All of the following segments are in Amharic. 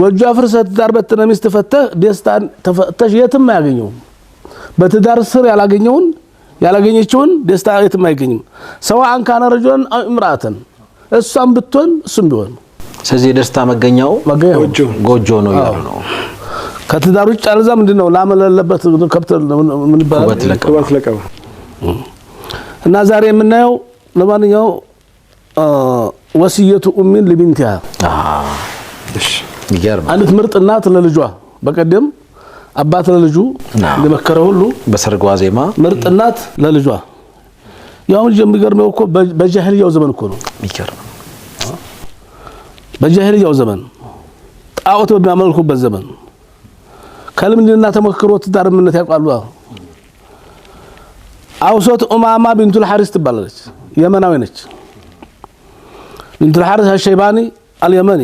ጎጆ አፍርሰህ ትዳር በትነ ሚስት ፈተህ ደስታን ተፈተሽ የትም አያገኘውም። በትዳር ስር ያላገኘውን ያላገኘችውን ደስታ የትም አይገኝም። ሰው አንካነ ረጅን እምራተን እሷም ብትሆን እሱም ቢሆን ስለዚህ የደስታ መገኛው ጎጆ ነው ያሉ ነው። ከትዳር ውጭ አለዛ ምንድን ነው ላም ለለበት ከብት ምን ይባላል? እና ዛሬ የምናየው ለማንኛው ወስየቱ ኡሚን አሃ እሺ አንዲት ምርጥ እናት ለልጇ በቀደም አባት ለልጁ እንደመከረ ሁሉ በሰርጓ ዜማ ምርጥ እናት ለልጇ ያው ልጅ የሚገርመው እኮ በጃህልያው ዘመን እኮ ነው። በጃህልያው ዘመን ጣዖት በሚያመልኩበት ዘመን ከልምድና ተሞክሮ ትዳር ምነት ያውቃሉ። አውሶት ኡማማ ቢንቱ ሐሪስ ትባላለች። የመናዊ ነች። ቢንቱል ሐሪስ አሸይባኒ አልየመኒ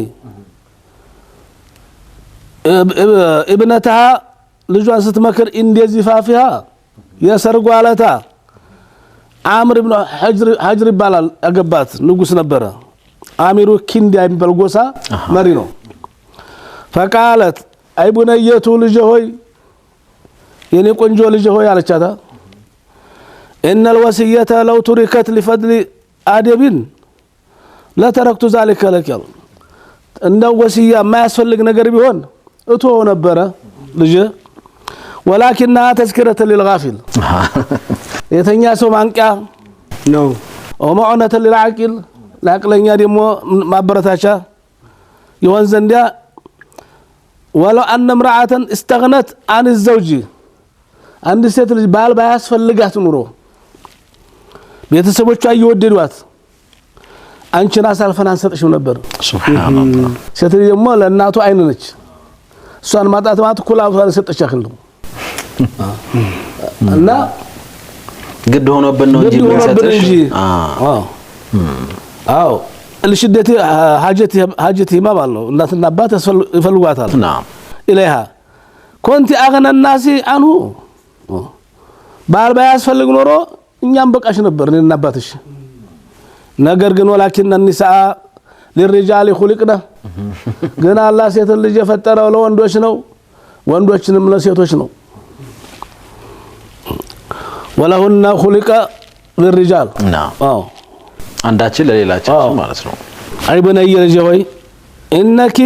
እብነትሃ ልጇን ስትመክር እንደዚህ ፋፊሃ የሰርጉ አለታ አምር ብን ሀጅር ይባላል። ያገባት ንጉስ ነበረ። አሚሩ ኪንዲያ የሚባል ጎሳ መሪ ነው። ፈቃለት አይ ቡነየቱ ልጅ ሆይ የኔ ቆንጆ ልጅ ሆይ አለቻታ እነ ልወስየተ ለው ቱሪከት ሊፈድሊ አደቢን ለተረክቱ ዛሊከ ለክ ያሉ እንደው ወስያ የማያስፈልግ ነገር ቢሆን እቶ ነበረ ልጅ ወላኪና ተዝክረተ ሊልጋፊል የተኛ ሰው ማንቂያ ነው። ወመዑነተ ሊልዓቂል ለአቅለኛ ደግሞ ማበረታቻ ይሆን ዘንዳ ወለው አነ ምርዓተን እስተግነት አን ዘውጂ አንድ ሴት ልጅ ባል ባያስፈልጋት ኑሮ ቤተሰቦቿ እየወደዷት አንቺን አሳልፈን አንሰጥሽም ነበር። ሴት ልጅ ደግሞ ለእናቱ አይን ነች። እሷን ማጣት ማለት እኮ ላብሷን የሰጠች ያክል ነው እና ግድ ሆኖብን ነው እንጂ አዎ ልሽደት ሀጀት ህማም አለው። እናትና አባት ይፈልጓታል። ኢለይሃ ኮንቲ አግነ ናሲ አንሁ ባል ባያስፈልግ ኖሮ እኛም በቃሽ ነበር እኔና አባትሽ። ነገር ግን ወላኪነ ኒሳአ ሊሪጃሊ ሁሊቅነ ግን አላህ ሴትን ልጅ የፈጠረው ለወንዶች ነው፣ ወንዶችንም ለሴቶች ነው። ወለሁና ሁሊቀ ሊሪጃል አንዳችን ለሌላችን ማለት ነው። አይ በነየ ልጅ ሆይ እነኪ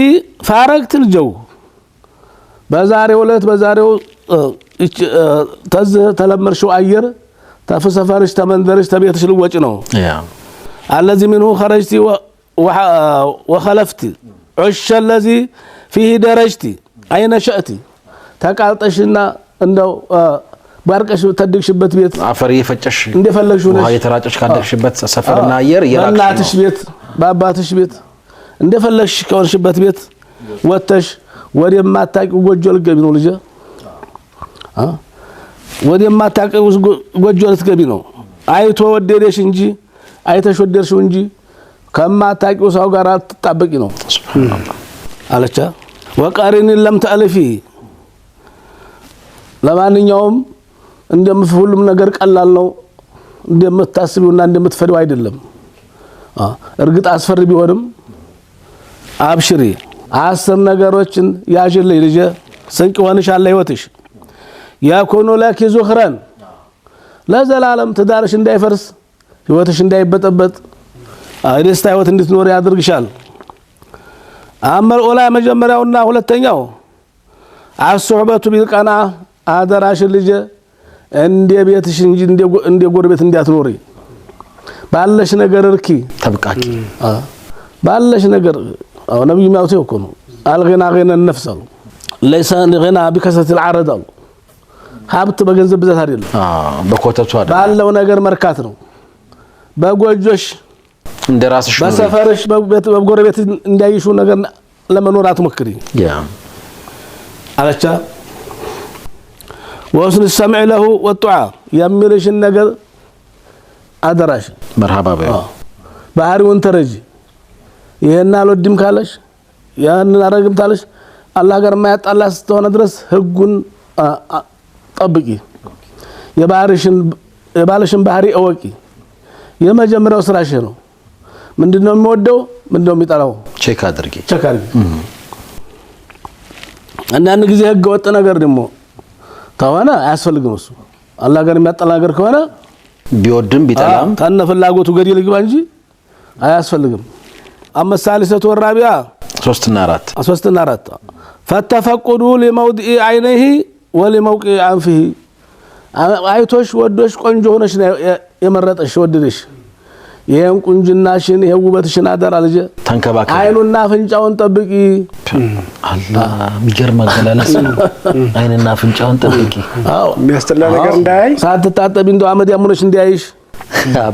ፋረግትል ጀው በዛሬው ዕለት በዛሬው ተዝህ ተለመርሽው አየር ተፍሰፈርሽ ተመንደርሽ ተቤትሽ ልወጭ ነው አለዚህ ምንሁ ኸረጅቲ ወኸለፍቲ ዑሸ ለዚ ፊህ ደረጅቲ አይነ ተቃልጠሽና እንደው ባርቀሽ ተድግሽበት ቤት አፈር እየፈጨሽ እንደፈለግሽ ሆነሽ የተራጨሽ ካደግሽበት ሰፈርና አየር በእናትሽ ቤት በአባትሽ ቤት እንደፈለግሽ ከሆንሽበት ቤት ወተሽ ወደማታውቂው ጎጆ ልትገቢ ነው ልጄ፣ ወደማታውቂው ጎጆ ልትገቢ ነው። አይቶ ወደደሽ እንጂ አይተሽ ወደድሽው እንጂ ከማታቂው ሰው ጋር አትጣበቂ ነው አለቻ። ወቃሪኒን ለም ተአልፊ ለማንኛውም ሁሉም ነገር ቀላል ነው እንደምታስቢውና እንደምትፈሪው አይደለም። እርግጥ አስፈሪ ቢሆንም አብሽሪ፣ አስር ነገሮችን ያዥልኝ ልጄ፣ ስንቅ ይሆንሻል ለሕይወትሽ። የኩኑ ለኪ ዙኽረን ለዘላለም ትዳርሽ እንዳይፈርስ ሕይወትሽ እንዳይበጠበጥ የደስታ ህይወት እንድትኖር ያደርግሻል። አመር ኦላ መጀመሪያውና ሁለተኛው አሶህበቱ ቢልቀና አደራሽን ልጄ እንደ ቤትሽ እንጂ እንደ ጎረቤት እንዳትኖሪ፣ ባለሽ ነገር እርኪ ተብቃቂ። ባለሽ ነገር አው ነብዩ ማውቴ እኮ ነው አልገና ገና ነፍስ አሉ ለይሰ ገና ቢከሰት አልዓረድ አሉ። ሀብት በገንዘብ ብዛት አይደለም፣ ባለው ነገር መርካት ነው በጎጆሽ እንደ ራስሽ በሰፈርሽ በጎረቤት እንዳይሹ ነገር ለመኖር አትሞክሪ አለቻ። ወስን ሰምዕ ለሁ ወጡዓ የሚልሽን ነገር አደራሽ መርሃባ ባህሪውን ተረጂ። ይሄን አልወድም ካለሽ ያንን አረግም ታለሽ አላህ ጋር የማያጣላ ስተሆነ ድረስ ህጉን ጠብቂ። የባልሽን ባህሪ እወቂ። የመጀመሪያው ስራሽ ነው። ምንድነው የሚወደው፣ ምንድነው የሚጠላው፣ ቼክ አድርጊ ቼክ አድርጊ። አንዳንድ ጊዜ ህገ ወጥ ነገር ደግሞ ከሆነ አያስፈልግም። እሱ አላህ ጋር የሚያጣላ ነገር ከሆነ ቢወድም ቢጠላም ከነ ፍላጎቱ ገደል ይግባ እንጂ አያስፈልግም። አመሳሊሰቱ ወራቢያ 4 3 እና 4 ፈተፈቁዱ ለመውዲ አይነይህ ወለመውቂ አንፊህ አይቶሽ ወዶሽ ቆንጆ ሆነሽ የመረጠሽ የወደደሽ ይሄን ቁንጅናሽን ይሄ ውበትሽን አደራ ልጄ ተንከባከ አይኑና አፍንጫውን ጠብቂ። አላህ የሚገርም አገላለጽ ነው። አይንና አፍንጫውን ጠብቂ። አዎ የሚያስጠላ ነገር እንዳያይ ሳትታጠቢ እንደው አመድ ያሙነሽ እንዲያይሽ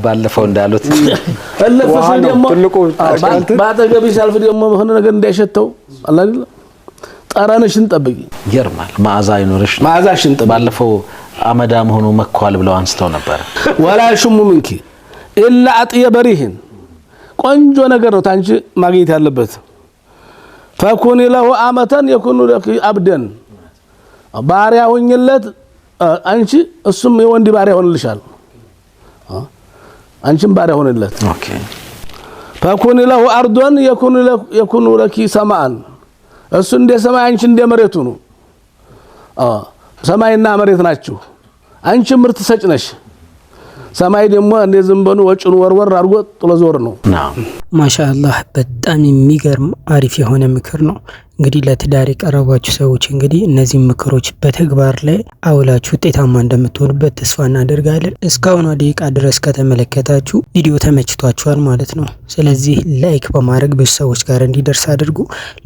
ባለፈው እንዳሉት ፈለፈሱ ደግሞ ባጠገብሽ ሲያልፍ ደግሞ ሆነ ነገር እንዳይሸተው አላህ ይላል። ጠረንሽን ጠብቂ። ይገርማል። መዓዛ አይኖርሽ፣ መዓዛሽን ጠብቂ። ባለፈው አመዳም ሆኖ መኳል ብለው አንስተው ነበር። ወላ ሽሙ ምንኪ ኢላ አጥየ ሪሕን ቆንጆ ነገር ነው ታንቺ ማግኘት ያለበት። ፈኩኒ ለሁ አመተን የኩኑ ለኪ አብደን ባሪያ ሁኝለት አንቺ፣ እሱም የወንድ ባሪያ ሆንልሻል፣ አንቺም ባሪያ ሆንለት። ፈኩኒ ለሁ አርዶን የኩኑ ለኪ ሰማአን እሱ እንደ ሰማይ አንቺ እንደ መሬቱ ነው። ሰማይና መሬት ናችሁ። አንቺ ምርት ሰጭ ነሽ። ሰማይ ደግሞ እንደ ዝንበኑ ወጭን ወርወር አድርጎ ጥሎ ዞር ነው። ማሻአላህ በጣም የሚገርም አሪፍ የሆነ ምክር ነው። እንግዲህ ለትዳር የቀረባችሁ ሰዎች እንግዲህ እነዚህ ምክሮች በተግባር ላይ አውላችሁ ውጤታማ እንደምትሆኑበት ተስፋ እናደርጋለን። እስካሁኗ ደቂቃ ድረስ ከተመለከታችሁ ቪዲዮ ተመችቷችኋል ማለት ነው። ስለዚህ ላይክ በማድረግ ብዙ ሰዎች ጋር እንዲደርስ አድርጉ።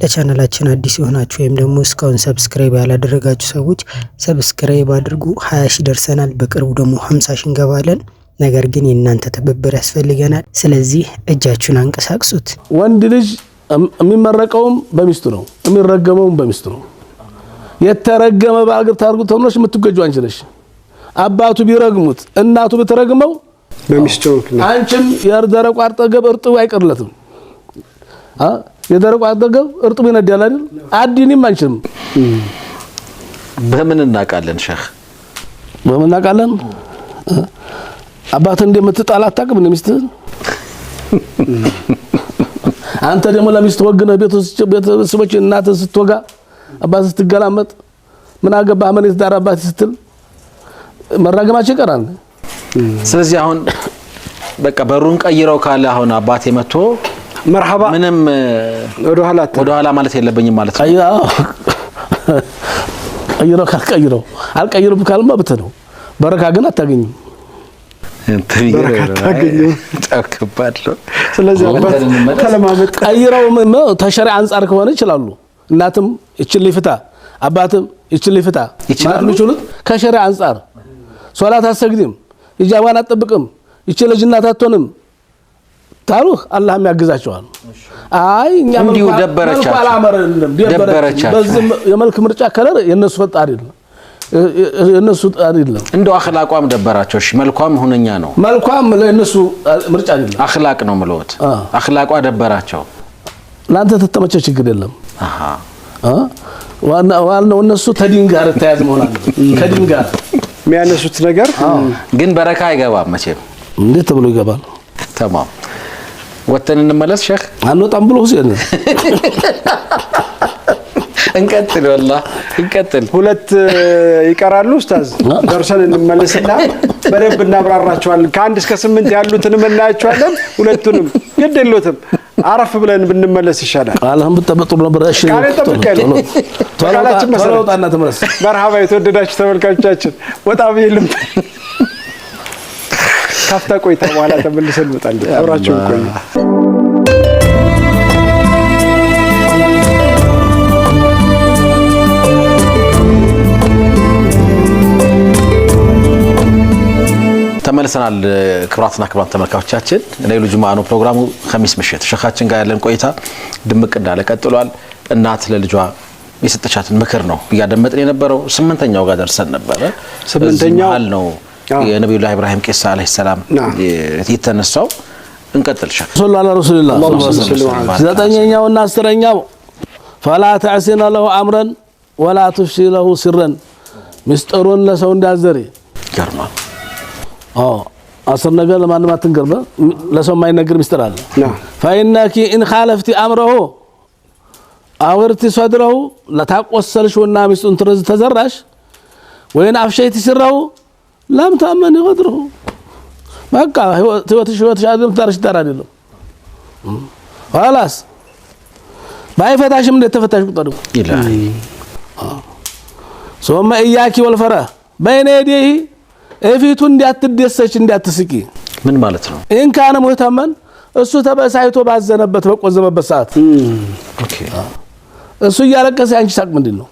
ለቻናላችን አዲስ የሆናችሁ ወይም ደግሞ እስካሁን ሰብስክራይብ ያላደረጋችሁ ሰዎች ሰብስክራይብ አድርጉ። ሀያ ሺ ደርሰናል። በቅርቡ ደግሞ ሀምሳ ሺ እንገባለን። ነገር ግን የእናንተ ትብብር ያስፈልገናል። ስለዚህ እጃችሁን አንቀሳቅሱት። ወንድ ልጅ የሚመረቀውም በሚስቱ ነው፣ የሚረገመውም በሚስቱ ነው። የተረገመ ባል ታርጉ ተብሎች የምትገጁ አንቺ ነሽ። አባቱ ቢረግሙት እናቱ ብትረግመው በሚስቱ አንቺም የደረቁ አጠገብ እርጥቡ አይቀርለትም። የደረቁ አጠገብ እርጥቡ ይነዳል አይደል? አዲኒም አንችልም። በምን እናውቃለን? ሸህ በምን እናውቃለን? አባት እንደምትጣላ አታውቅም እንደ ሚስትህ። አንተ ደግሞ ለሚስት ወግነህ ቤተሰቦች እናትህ ስትወጋ አባት ስትገላመጥ ምን አገባህ ምን ዳር አባት ስትል መራገማቸው ይቀራል። ስለዚህ አሁን በቃ በሩን ቀይረው ካለ አሁን አባቴ መጥቶ መርሐባ ምንም ወደ ኋላ ማለት የለብኝም ማለት ነው። ቀይረው ካልቀይረው አልቀይሩም ካልማ ብትህ በረካ ግን አታገኝም። ስለዚህ ተለማመጥ ቀይረው ተሸሪ አንጻር ከሆነ ይችላሉ። እናትም እችን ሊፍታ አባትም እችን ሊፍታ የሚችሉት ከሸሪ አንጻር ሶላት አሰግድም ኢጃባን አጠብቅም እች ልጅ እናት አትሆንም ታሉህ አላህም ያግዛቸዋል። አይ እኛ ምን አላመረንም፣ ደበረቻቸው። በዚህ የመልክ ምርጫ ከለር የነሱ ፈጣሪ አይደለም። እነሱ አይደለም። እንደው አኽላቋም ደበራቸው። እሺ መልኳም ሁነኛ ነው። መልኳም ለእነሱ ምርጫ አይደለም፣ አኽላቅ ነው ምለወት። አኽላቋ ደበራቸው። ለአንተ ተተመቸ ችግር የለም። አሃ ዋናው እነሱ ተዲን ጋር ተያዝ መሆን አለ። ከዲን ጋር የሚያነሱት ነገር ግን በረካ አይገባም መቼም። እንዴት ተብሎ ይገባል? ተማም ወተን እንመለስ ሼክ አንወጣም ብሎ ሁሴን እንቀጥል፣ ወላ እንቀጥል። ሁለት ይቀራሉ ኡስታዝ፣ ደርሰን እንመለስና በደንብ እናብራራቸዋለን። ከአንድ እስከ ስምንት ያሉትንም እናያቸዋለን። ሁለቱንም ግድ የሎትም አረፍ ብለን ብንመለስ ይሻላል። አልሐምዱሊላህ በጥሩ ነበር። እሺ መርሃባ የተወደዳችሁ ተመልካቾቻችን፣ ወጣ ብዬ ልምጣ። ካፍታ ቆይታ በኋላ ተመልሰን እንመጣለን። አብራችሁ ቆዩ። ተመልሰናል። ክብራትና ክብራት ተመልካቾቻችን ለይሉ ጁምዓ ነው ፕሮግራሙ። ከሚስ ምሽት ሸኻችን ጋር ያለን ቆይታ ድምቅ እንዳለ ቀጥሏል። እናት ለልጇ የሰጠቻትን ምክር ነው እያደመጥን የነበረው። ስምንተኛው ጋር ደርሰን ነበረ። ስምንተኛው ነው የነቢዩላህ ኢብራሂም ቂሳ አለይሂ ሰላም የተነሳው። እንቀጥል ሸኽ ሶላ አላ ዘጠኛው እና አስረኛው ፈላ ተዕሲነ ለሁ አምረን ወላ ቱፍሲ ለሁ ሲረን ምስጢሩን ለሰው እንዳዘሪ አስር ነገር ለማንም አትንገር። ለሰው የማይነግር ሚስጥር አለ። ፈኢናኪ ኢን ኻለፍቲ አምረሁ አውርቲ ለታቆሰልሽ ወና ሚስጡን ትረዝ ተዘራሽ ወይን አፍሸይቲ ሲረሁ ላምታመን ይወድሩ በቃ ህይወትሽ ህይወትሽ አይደለም፣ ትዳርሽ ትዳር አይደለም። ኋላስ ባይፈታሽም እንደ ተፈታሽ ቁጠሩ ቁጠር። ሶማ እያኪ ወልፈራ በይነ ዲሂ እፊቱ እንዲያትደሰች እንዲያትስቂ ምን ማለት ነው? ይህን ካነ ሙህተመን እሱ ተበሳይቶ ባዘነበት በቆዘመበት ሰዓት እሱ እያለቀሰ አንቺ ሳቅ ምንድን ነው?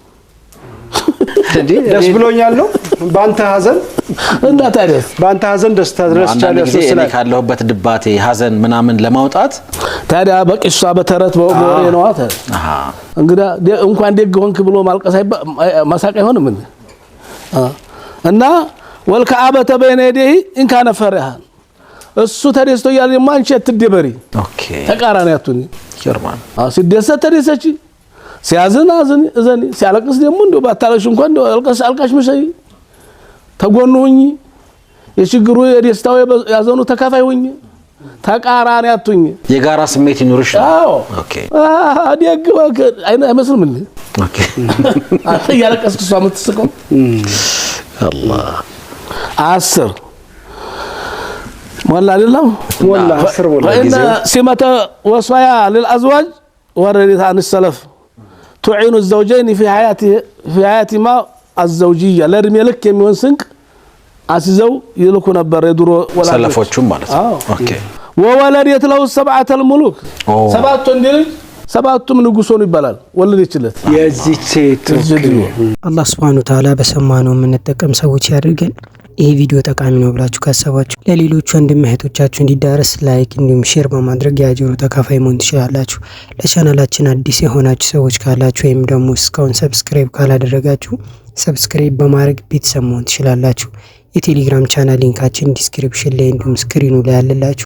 ደስ ብሎኛል ነው በአንተ ሀዘን እና ታዲያ በአንተ ሀዘን ደስታ ድረስ ካለሁበት ድባቴ ሀዘን ምናምን ለማውጣት ታዲያ በቂሷ በተረት በወሬ ነዋ አሃ እንግዲህ እንኳን ደግ ሆንክ ብሎ ማልቀስ ማሳቅ አይሆንም እና ወልከአበተ በይነ የደህ እንካነ ፈሪሃን እሱ ተደስቶ እያለ ደግሞ አንቺ አትደበሪ። ተቃራኒ አትሁኒ። ሲደሰት ተደሰች፣ ሲያዝን አዝን እዘኒ፣ ሲያለቅስ ደግሞ እንደ ባታለቅሽ እንኳን እንደ አልቀስ አልቃሽ ምሰይ፣ ተጎኑ ሁኚ፣ የችግሩ የደስታው ያዘኑ ተካፋይ ሁኚ። ተቃራኒ አትሁኝ። የጋራ ስሜት ይኑርሽ። አዎ ኦኬ። አዲያግ አይመስልም እያለቀስክ እሷ የምትስቀው አላህ አስር ሞላ አይደለም ሞላ አስር ሞላ فإن سمة وصايا للأزواج وردت عن السلف تعين الزوجين في حياة في حياتهما الزوجية ለእድሜ ልክ የሚሆን ስንቅ አስይዘው ይልኩ ነበር የድሮ ሰለፎቹም ማለት ነው። ኦኬ ወወለደት ለሁ ሰብዓተል ሙሉክ ሰባቱ እንዲ ሰባቱም ንጉሶ ነው ይባላል። ወለደችለት የዚች አላህ ስብሐነሁ ወተዓላ በሰማነው የምንጠቀም ሰዎች ያድርገን። ይሄ ቪዲዮ ጠቃሚ ነው ብላችሁ ካሰባችሁ ለሌሎቹ ወንድም እህቶቻችሁ እንዲዳረስ ላይክ እንዲሁም ሼር በማድረግ የአጀሩ ተካፋይ መሆን ትችላላችሁ። ለቻናላችን አዲስ የሆናችሁ ሰዎች ካላችሁ ወይም ደግሞ እስካሁን ሰብስክራይብ ካላደረጋችሁ ሰብስክራይብ በማድረግ ቤተሰብ መሆን ትችላላችሁ። የቴሌግራም ቻናል ሊንካችን ዲስክሪፕሽን ላይ እንዲሁም ስክሪኑ ላይ ያለላችሁ